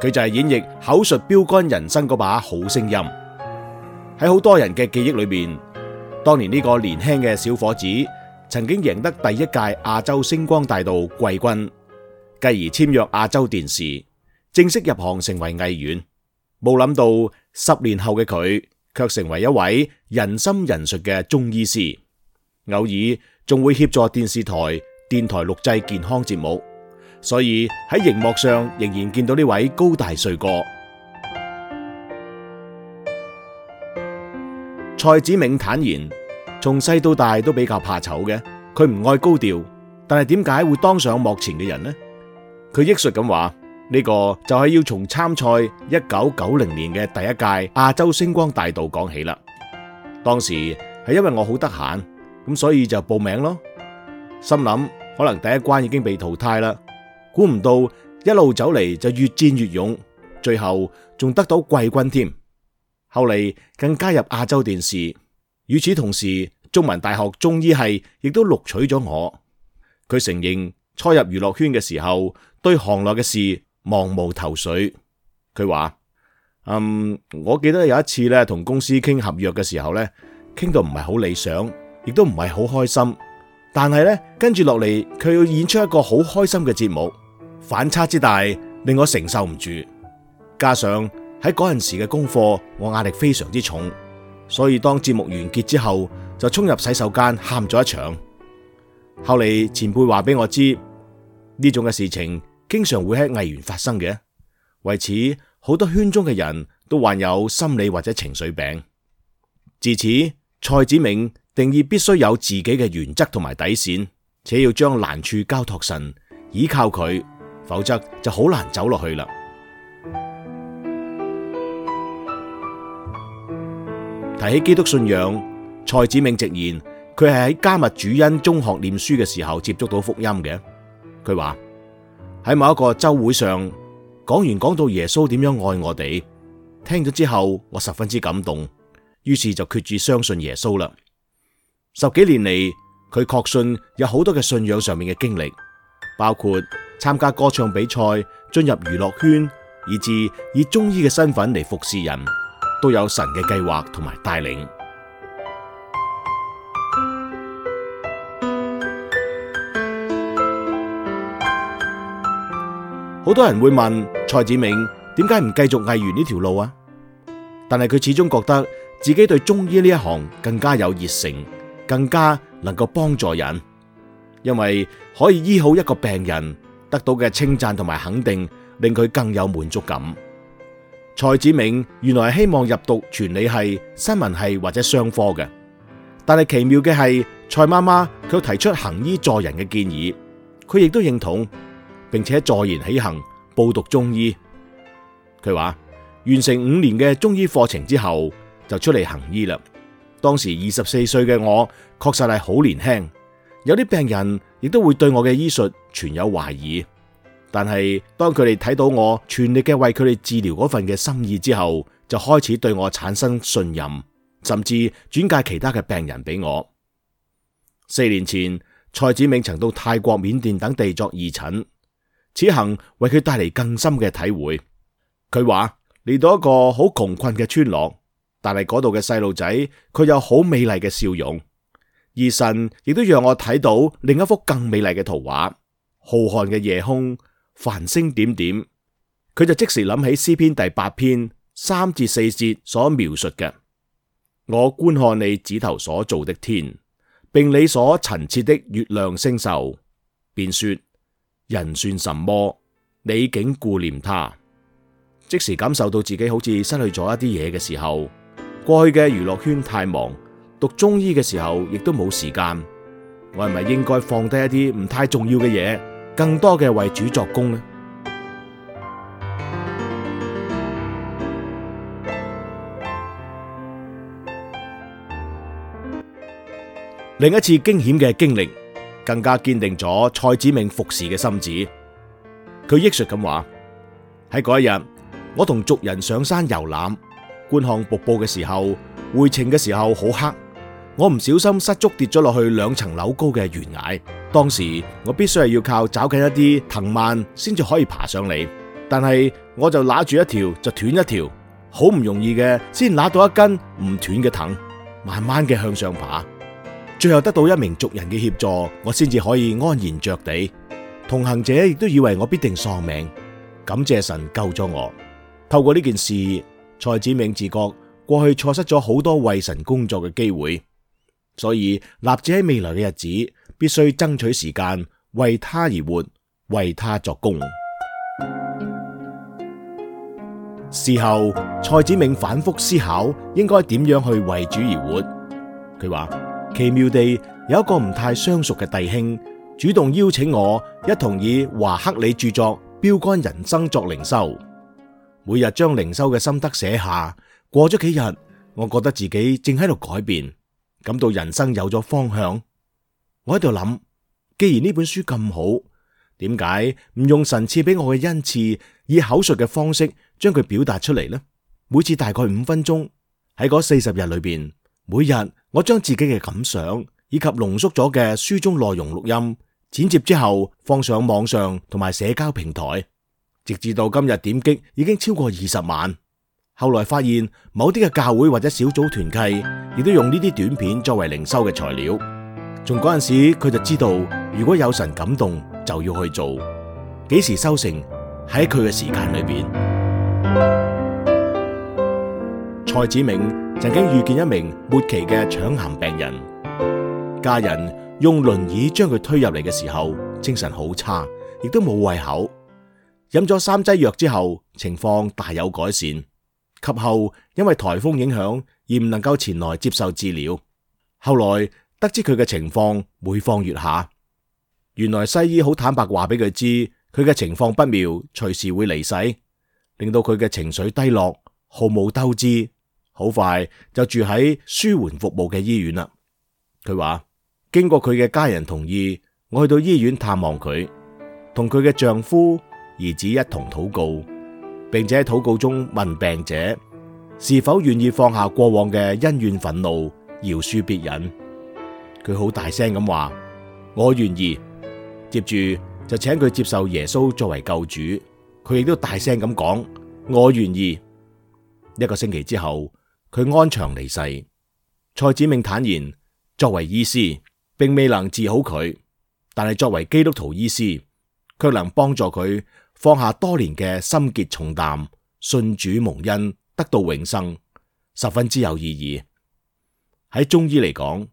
佢就係演繹口述標杆人生嗰把好聲音，喺好多人嘅記憶裏面，當年呢個年輕嘅小伙子曾經贏得第一屆亞洲星光大道季軍，繼而簽約亞洲電視，正式入行成為藝員。冇諗到十年後嘅佢，卻成為一位仁心仁術嘅中醫師，偶爾仲會協助電視台、電台錄製健康節目。所以喺熒幕上仍然見到呢位高大帥哥。蔡梓銘坦言，從細到大都比較怕醜嘅，佢唔愛高調，但係點解會當上幕前嘅人呢？佢憶述咁話：呢個就係要從參賽一九九零年嘅第一屆亞洲星光大道講起啦。當時係因為我好得閒，咁所以就報名咯，心諗可能第一關已經被淘汰啦。估唔到一路走嚟就越戰越勇，最後仲得到季軍添。後嚟更加入亞洲電視，與此同時中文大學中醫係亦都錄取咗我。佢承認初入娛樂圈嘅時候對行內嘅事茫無頭緒。佢話：嗯，我記得有一次咧同公司傾合約嘅時候咧，傾到唔係好理想，亦都唔係好開心。但係咧跟住落嚟佢要演出一個好開心嘅節目。反差之大令我承受唔住，加上喺嗰陣時嘅功課，我壓力非常之重，所以當節目完結之後，就衝入洗手間喊咗一場。後嚟前輩話俾我知，呢種嘅事情經常會喺藝員發生嘅，為此好多圈中嘅人都患有心理或者情緒病。自此，蔡梓銘定義必須有自己嘅原則同埋底線，且要將難處交託神，依靠佢。否則就好難走落去啦。提起基督信仰，蔡梓銘直言佢係喺迦密主恩中學唸書嘅時候接觸到福音嘅。佢話喺某一個周會上講完講到耶穌點樣愛我哋，聽咗之後我十分之感動，於是就決志相信耶穌啦。十幾年嚟，佢確信有好多嘅信仰上面嘅經歷，包括。參加歌唱比賽，進入娛樂圈，以至以中醫嘅身份嚟服侍人，都有神嘅計劃同埋帶領。好 多人會問蔡梓銘點解唔繼續藝員呢條路啊？但係佢始終覺得自己對中醫呢一行更加有熱誠，更加能夠幫助人，因為可以醫好一個病人。得到嘅稱讚同埋肯定，令佢更有滿足感。蔡梓銘原來係希望入讀傳理系、新聞系或者商科嘅，但係奇妙嘅係，蔡媽媽佢提出行醫助人嘅建議，佢亦都認同，並且助言起行報讀中醫。佢話完成五年嘅中醫課程之後就出嚟行醫啦。當時二十四歲嘅我確實係好年輕，有啲病人，亦都會對我嘅醫術存有懷疑，但係當佢哋睇到我全力嘅為佢哋治療嗰份嘅心意之後，就開始對我產生信任，甚至轉介其他嘅病人俾我。四年前，蔡梓銘曾到泰國、緬甸等地作義診，此行為佢帶嚟更深嘅體會。佢話嚟到一個好窮困嘅村落，但係嗰度嘅細路仔，佢有好美麗嘅笑容。而神亦都讓我睇到另一幅更美麗嘅圖畫，浩瀚嘅夜空，繁星點點。佢就即時諗起詩篇第八篇三至四節所描述嘅：我觀看你指頭所造的天，並你所陳設的月亮星宿，便說：人算什麼？你竟顧念他。即時感受到自己好似失去咗一啲嘢嘅時候，過去嘅娛樂圈太忙。讀中醫嘅時候，亦都冇時間，我係咪應該放低一啲唔太重要嘅嘢，更多嘅為主作工呢？另一次驚險嘅經歷，更加堅定咗蔡梓銘服侍嘅心志。佢憶述咁話：喺嗰一日，我同族人上山遊覽、觀看瀑布嘅時候，回程嘅時候好黑。我唔小心失足跌咗落去兩層樓高嘅懸崖，當時我必須係要靠抓緊，一啲藤蔓先至可以爬上嚟，但係我就攞住一條就斷一條，好唔容易嘅先攞到一根唔斷嘅藤，慢慢嘅向上爬，最後得到一名族人嘅協助，我先至可以安然着地。同行者亦都以為我必定喪命，感謝神救咗我。透過呢件事，蔡梓銘自覺過去錯失咗好多為神工作嘅機會。所以，立志喺未來嘅日子，必須爭取時間為他而活，為他作工。 事後，蔡梓銘反復思考應該點樣去為主而活。佢話奇妙地有一個唔太相熟嘅弟兄主動邀請我一同以華克里著作《標杆人生》作靈修，每日將靈修嘅心得寫下。過咗幾日，我覺得自己正喺度改變。感到人生有咗方向，我喺度諗，既然呢本書咁好，點解唔用神賜俾我嘅恩賜，以口述嘅方式將佢表達出嚟呢？每次大概五分鐘，喺嗰四十日裏邊，每日我將自己嘅感想以及濃縮咗嘅書中內容錄音剪接之後，放上網上同埋社交平台，直至到今日點擊已經超過二十萬。後來發現，某啲嘅教會或者小組團契亦都用呢啲短片作為靈修嘅材料。從嗰陣時，佢就知道，如果有神感動，就要去做。幾時收成，喺佢嘅時間裏邊。 蔡梓銘曾經遇見一名末期嘅腸癌病人，家人用輪椅將佢推入嚟嘅時候，精神好差，亦都冇胃口。飲咗三劑藥之後，情況大有改善。及後因為颱風影響而唔能夠前來接受治療，後來得知佢嘅情況每況愈下，原來西醫好坦白話俾佢知佢嘅情況不妙，隨時會離世，令到佢嘅情緒低落，毫無鬥志，好快就住喺舒緩服務嘅醫院啦。佢話經過佢嘅家人同意，我去到醫院探望佢，同佢嘅丈夫、兒子一同禱告。並且喺禱告中問病者是否願意放下過往嘅恩怨憤怒，饒恕別人。佢好大聲咁話：我願意。接住就請佢接受耶穌作為救主。佢亦都大聲咁講：我願意。一個星期之後，佢安詳離世。蔡梓銘坦言：作為醫師，並未能治好佢，但係作為基督徒醫師，卻能幫助佢。放下多年嘅心結重擔，信主蒙恩，得到永生，十分之有意義。喺中醫嚟講，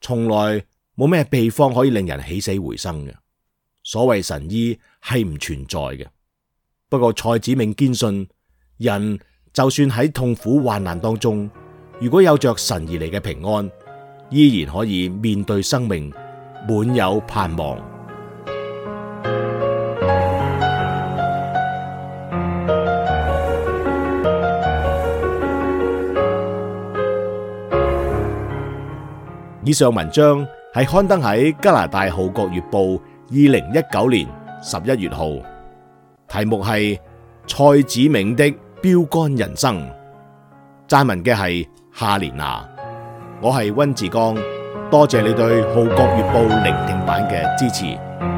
從來冇咩秘方可以令人起死回生嘅。所謂神醫係唔存在嘅。不過蔡梓銘堅信，人就算喺痛苦患難當中，如果有着神而嚟嘅平安，依然可以面對生命，滿有盼望。以上文章係刊登喺加拿大《號角月報》二零一九年十一月號，題目係蔡梓銘的標杆人生，撰文嘅係夏連娜。我係温志剛，多謝你對《號角月報》聆聽版嘅支持。